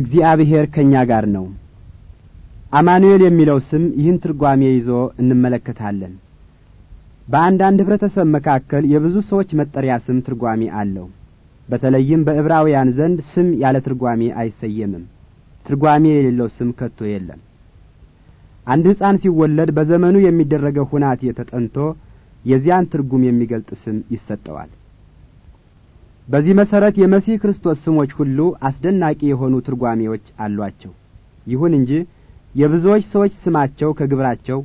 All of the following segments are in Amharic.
እግዚአብሔር ከእኛ ጋር ነው። አማኑኤል የሚለው ስም ይህን ትርጓሜ ይዞ እንመለከታለን። በአንዳንድ ኅብረተሰብ መካከል የብዙ ሰዎች መጠሪያ ስም ትርጓሜ አለው። በተለይም በዕብራውያን ዘንድ ስም ያለ ትርጓሜ አይሰየምም። ትርጓሜ የሌለው ስም ከቶ የለም። አንድ ሕፃን ሲወለድ በዘመኑ የሚደረገው ሁናቴ ተጠንቶ የዚያን ትርጉም የሚገልጥ ስም ይሰጠዋል። በዚህ መሰረት የመሲህ ክርስቶስ ስሞች ሁሉ አስደናቂ የሆኑ ትርጓሜዎች አሏቸው። ይሁን እንጂ የብዙዎች ሰዎች ስማቸው ከግብራቸው፣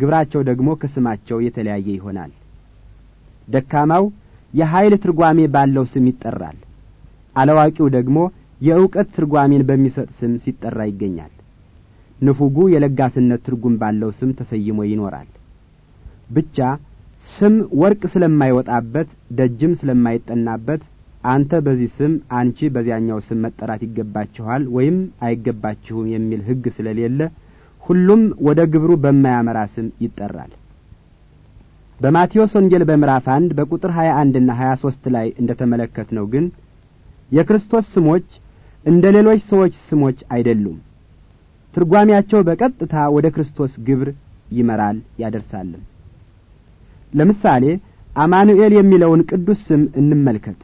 ግብራቸው ደግሞ ከስማቸው የተለያየ ይሆናል። ደካማው የኃይል ትርጓሜ ባለው ስም ይጠራል። አላዋቂው ደግሞ የእውቀት ትርጓሜን በሚሰጥ ስም ሲጠራ ይገኛል። ንፉጉ የለጋስነት ትርጉም ባለው ስም ተሰይሞ ይኖራል። ብቻ ስም ወርቅ ስለማይወጣበት ደጅም ስለማይጠናበት አንተ በዚህ ስም አንቺ በዚያኛው ስም መጠራት ይገባችኋል ወይም አይገባችሁም የሚል ሕግ ስለሌለ ሁሉም ወደ ግብሩ በማያመራ ስም ይጠራል። በማቴዎስ ወንጌል በምዕራፍ አንድ በቁጥር ሀያ አንድና ሀያ ሶስት ላይ እንደ ተመለከት ነው ግን የክርስቶስ ስሞች እንደ ሌሎች ሰዎች ስሞች አይደሉም። ትርጓሜያቸው በቀጥታ ወደ ክርስቶስ ግብር ይመራል ያደርሳልም። ለምሳሌ አማኑኤል የሚለውን ቅዱስ ስም እንመልከት።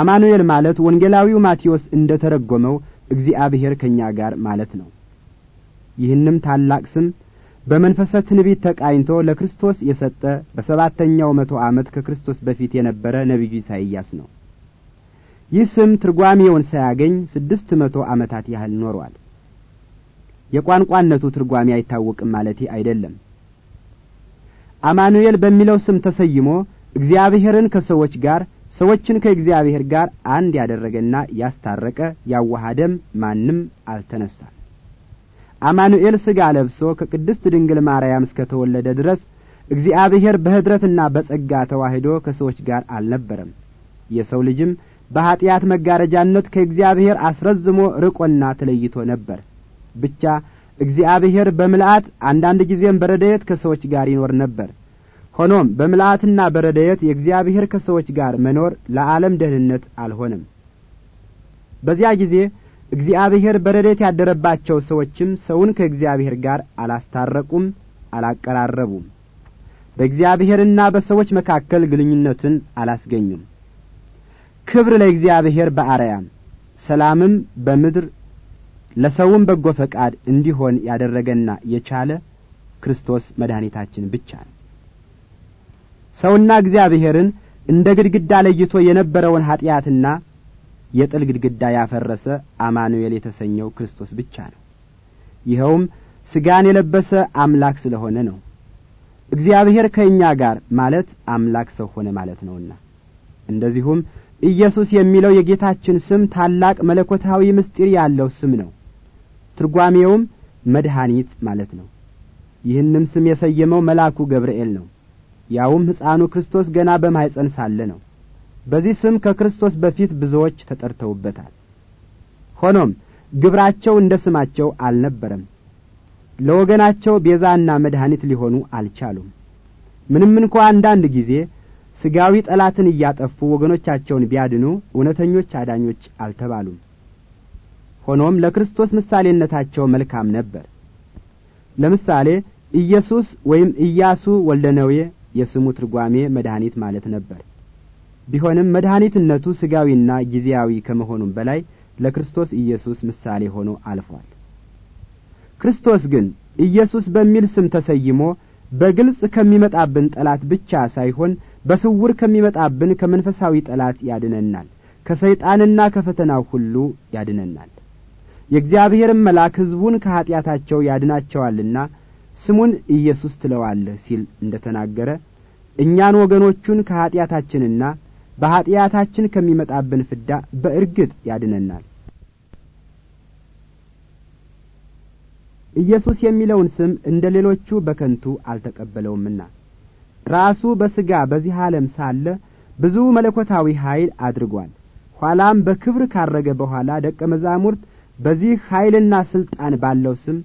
አማኑኤል ማለት ወንጌላዊው ማቴዎስ እንደ ተረጎመው እግዚአብሔር ከእኛ ጋር ማለት ነው። ይህንም ታላቅ ስም በመንፈሰ ትንቢት ተቃኝቶ ለክርስቶስ የሰጠ በሰባተኛው መቶ ዓመት ከክርስቶስ በፊት የነበረ ነቢዩ ኢሳይያስ ነው። ይህ ስም ትርጓሜውን ሳያገኝ ስድስት መቶ ዓመታት ያህል ኖሯል። የቋንቋነቱ ትርጓሜ አይታወቅም ማለት አይደለም። አማኑኤል በሚለው ስም ተሰይሞ እግዚአብሔርን ከሰዎች ጋር ሰዎችን ከእግዚአብሔር ጋር አንድ ያደረገና ያስታረቀ ያዋሃደም ማንም አልተነሳም። አማኑኤል ሥጋ ለብሶ ከቅድስት ድንግል ማርያም እስከ ተወለደ ድረስ እግዚአብሔር በኅድረትና በጸጋ ተዋህዶ ከሰዎች ጋር አልነበረም። የሰው ልጅም በኀጢአት መጋረጃነት ከእግዚአብሔር አስረዝሞ ርቆና ተለይቶ ነበር። ብቻ እግዚአብሔር በምልአት አንዳንድ ጊዜም በረድኤት ከሰዎች ጋር ይኖር ነበር። ሆኖም በምልአትና በረደየት የእግዚአብሔር ከሰዎች ጋር መኖር ለዓለም ደህንነት አልሆነም። በዚያ ጊዜ እግዚአብሔር በረደት ያደረባቸው ሰዎችም ሰውን ከእግዚአብሔር ጋር አላስታረቁም፣ አላቀራረቡም። በእግዚአብሔርና በሰዎች መካከል ግንኙነትን አላስገኙም። ክብር ለእግዚአብሔር በአርያም ሰላምም በምድር ለሰውም በጎ ፈቃድ እንዲሆን ያደረገና የቻለ ክርስቶስ መድኃኒታችን ብቻ ነው። ሰውና እግዚአብሔርን እንደ ግድግዳ ለይቶ የነበረውን ኀጢአትና የጥል ግድግዳ ያፈረሰ አማኑኤል የተሰኘው ክርስቶስ ብቻ ነው። ይኸውም ሥጋን የለበሰ አምላክ ስለሆነ ነው። እግዚአብሔር ከእኛ ጋር ማለት አምላክ ሰው ሆነ ማለት ነውና፣ እንደዚሁም ኢየሱስ የሚለው የጌታችን ስም ታላቅ መለኮታዊ ምስጢር ያለው ስም ነው። ትርጓሜውም መድኃኒት ማለት ነው። ይህንም ስም የሰየመው መልአኩ ገብርኤል ነው። ያውም ሕፃኑ ክርስቶስ ገና በማኅፀን ሳለ ነው። በዚህ ስም ከክርስቶስ በፊት ብዙዎች ተጠርተውበታል። ሆኖም ግብራቸው እንደ ስማቸው አልነበረም። ለወገናቸው ቤዛና መድኃኒት ሊሆኑ አልቻሉም። ምንም እንኳ አንዳንድ ጊዜ ሥጋዊ ጠላትን እያጠፉ ወገኖቻቸውን ቢያድኑ እውነተኞች አዳኞች አልተባሉም። ሆኖም ለክርስቶስ ምሳሌነታቸው መልካም ነበር። ለምሳሌ ኢየሱስ ወይም ኢያሱ ወልደ ነዌ የስሙ ትርጓሜ መድኃኒት ማለት ነበር። ቢሆንም መድኃኒትነቱ ስጋዊና ጊዜያዊ ከመሆኑም በላይ ለክርስቶስ ኢየሱስ ምሳሌ ሆኖ አልፏል። ክርስቶስ ግን ኢየሱስ በሚል ስም ተሰይሞ በግልጽ ከሚመጣብን ጠላት ብቻ ሳይሆን በስውር ከሚመጣብን ከመንፈሳዊ ጠላት ያድነናል። ከሰይጣንና ከፈተናው ሁሉ ያድነናል። የእግዚአብሔርን መልአክ ሕዝቡን ከኀጢአታቸው ያድናቸዋልና ስሙን ኢየሱስ ትለዋለህ ሲል እንደ ተናገረ እኛን ወገኖቹን ከኀጢአታችንና በኀጢአታችን ከሚመጣብን ፍዳ በእርግጥ ያድነናል። ኢየሱስ የሚለውን ስም እንደ ሌሎቹ በከንቱ አልተቀበለውምና ራሱ በሥጋ በዚህ ዓለም ሳለ ብዙ መለኮታዊ ኀይል አድርጓል። ኋላም በክብር ካረገ በኋላ ደቀ መዛሙርት በዚህ ኀይልና ሥልጣን ባለው ስም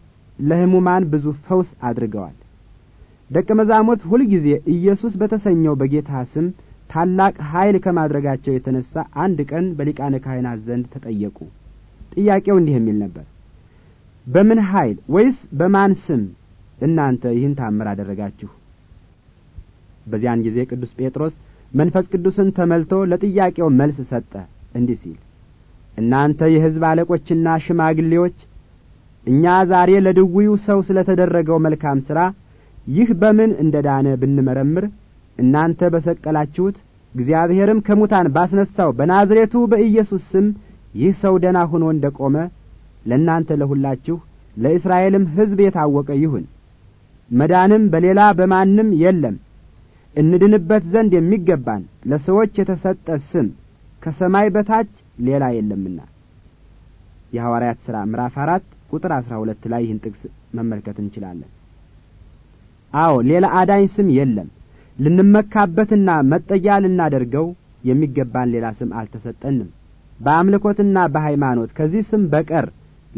ለሕሙማን ብዙ ፈውስ አድርገዋል። ደቀ መዛሙርት ሁልጊዜ ኢየሱስ በተሰኘው በጌታ ስም ታላቅ ኃይል ከማድረጋቸው የተነሳ አንድ ቀን በሊቃነ ካህናት ዘንድ ተጠየቁ። ጥያቄው እንዲህ የሚል ነበር፣ በምን ኃይል ወይስ በማን ስም እናንተ ይህን ታምር አደረጋችሁ? በዚያን ጊዜ ቅዱስ ጴጥሮስ መንፈስ ቅዱስን ተመልቶ ለጥያቄው መልስ ሰጠ እንዲህ ሲል እናንተ የሕዝብ አለቆችና ሽማግሌዎች እኛ ዛሬ ለድውዩ ሰው ስለተደረገው መልካም ሥራ ይህ በምን እንደ ዳነ ብንመረምር እናንተ በሰቀላችሁት እግዚአብሔርም ከሙታን ባስነሣው በናዝሬቱ በኢየሱስ ስም ይህ ሰው ደና ሆኖ እንደ ቆመ ለእናንተ ለሁላችሁ ለእስራኤልም ሕዝብ የታወቀ ይሁን። መዳንም በሌላ በማንም የለም። እንድንበት ዘንድ የሚገባን ለሰዎች የተሰጠ ስም ከሰማይ በታች ሌላ የለምና። የሐዋርያት ሥራ ምዕራፍ አራት ቁጥር አስራ ሁለት ላይ ይህን ጥቅስ መመልከት እንችላለን። አዎ ሌላ አዳኝ ስም የለም። ልንመካበትና መጠጊያ ልናደርገው የሚገባን ሌላ ስም አልተሰጠንም። በአምልኮትና በሃይማኖት ከዚህ ስም በቀር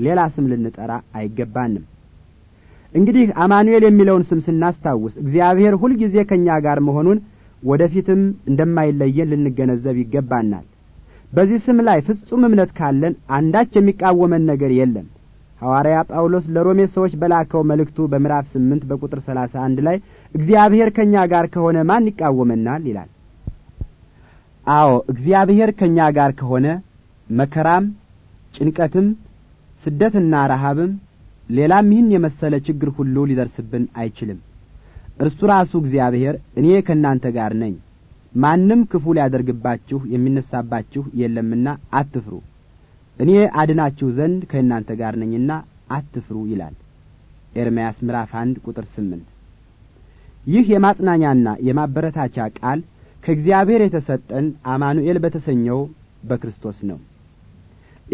ሌላ ስም ልንጠራ አይገባንም። እንግዲህ አማኑኤል የሚለውን ስም ስናስታውስ እግዚአብሔር ሁልጊዜ ከእኛ ጋር መሆኑን ወደፊትም እንደማይለየን ልንገነዘብ ይገባናል። በዚህ ስም ላይ ፍጹም እምነት ካለን አንዳች የሚቃወመን ነገር የለም። ሐዋርያ ጳውሎስ ለሮሜ ሰዎች በላከው መልእክቱ በምዕራፍ ስምንት በቁጥር ሰላሳ አንድ ላይ እግዚአብሔር ከእኛ ጋር ከሆነ ማን ይቃወመናል ይላል። አዎ እግዚአብሔር ከእኛ ጋር ከሆነ መከራም፣ ጭንቀትም፣ ስደትና ረሃብም ሌላም ይህን የመሰለ ችግር ሁሉ ሊደርስብን አይችልም። እርሱ ራሱ እግዚአብሔር እኔ ከእናንተ ጋር ነኝ፣ ማንም ክፉ ሊያደርግባችሁ የሚነሳባችሁ የለምና አትፍሩ እኔ አድናችሁ ዘንድ ከእናንተ ጋር ነኝና አትፍሩ ይላል ኤርምያስ ምዕራፍ አንድ ቁጥር ስምንት ይህ የማጽናኛና የማበረታቻ ቃል ከእግዚአብሔር የተሰጠን አማኑኤል በተሰኘው በክርስቶስ ነው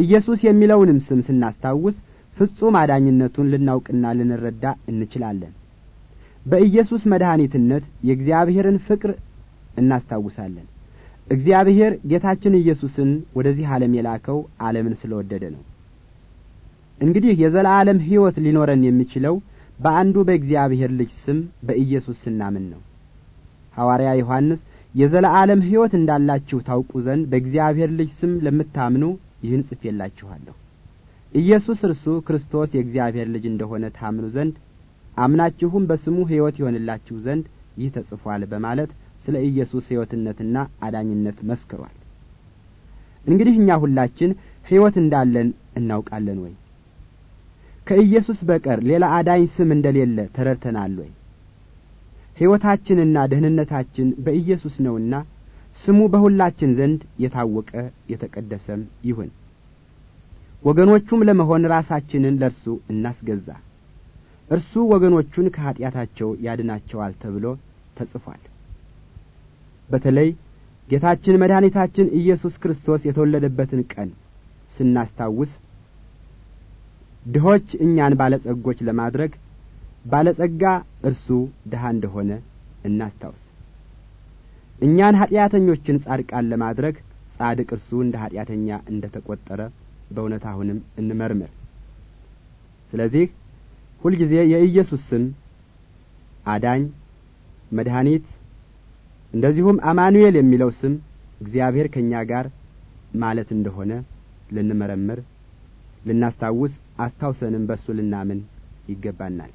ኢየሱስ የሚለውንም ስም ስናስታውስ ፍጹም አዳኝነቱን ልናውቅና ልንረዳ እንችላለን በኢየሱስ መድኃኒትነት የእግዚአብሔርን ፍቅር እናስታውሳለን እግዚአብሔር ጌታችን ኢየሱስን ወደዚህ ዓለም የላከው ዓለምን ስለወደደ ነው። እንግዲህ የዘላለም ሕይወት ሊኖረን የሚችለው በአንዱ በእግዚአብሔር ልጅ ስም በኢየሱስ ስናምን ነው። ሐዋርያ ዮሐንስ የዘላለም ሕይወት እንዳላችሁ ታውቁ ዘንድ በእግዚአብሔር ልጅ ስም ለምታምኑ ይህን ጽፌላችኋለሁ። ኢየሱስ እርሱ ክርስቶስ የእግዚአብሔር ልጅ እንደሆነ ታምኑ ዘንድ አምናችሁም በስሙ ሕይወት ይሆንላችሁ ዘንድ ይህ ተጽፏል በማለት ስለ ኢየሱስ ሕይወትነትና አዳኝነት መስክሯል። እንግዲህ እኛ ሁላችን ሕይወት እንዳለን እናውቃለን ወይ? ከኢየሱስ በቀር ሌላ አዳኝ ስም እንደሌለ ተረድተናል ወይ? ሕይወታችንና ደህንነታችን በኢየሱስ ነውና ስሙ በሁላችን ዘንድ የታወቀ የተቀደሰም ይሁን። ወገኖቹም ለመሆን ራሳችንን ለእርሱ እናስገዛ። እርሱ ወገኖቹን ከኀጢአታቸው ያድናቸዋል ተብሎ ተጽፏል። በተለይ ጌታችን መድኃኒታችን ኢየሱስ ክርስቶስ የተወለደበትን ቀን ስናስታውስ ድሆች እኛን ባለጸጎች ለማድረግ ባለጸጋ እርሱ ድሃ እንደሆነ እናስታውስ። እኛን ኀጢአተኞችን ጻድቃን ለማድረግ ጻድቅ እርሱ እንደ ኀጢአተኛ እንደ ተቈጠረ በእውነት አሁንም እንመርምር። ስለዚህ ሁልጊዜ የኢየሱስ ስም አዳኝ፣ መድኃኒት እንደዚሁም አማኑኤል የሚለው ስም እግዚአብሔር ከእኛ ጋር ማለት እንደሆነ ልንመረምር፣ ልናስታውስ አስታውሰንም በእሱ ልናምን ይገባናል።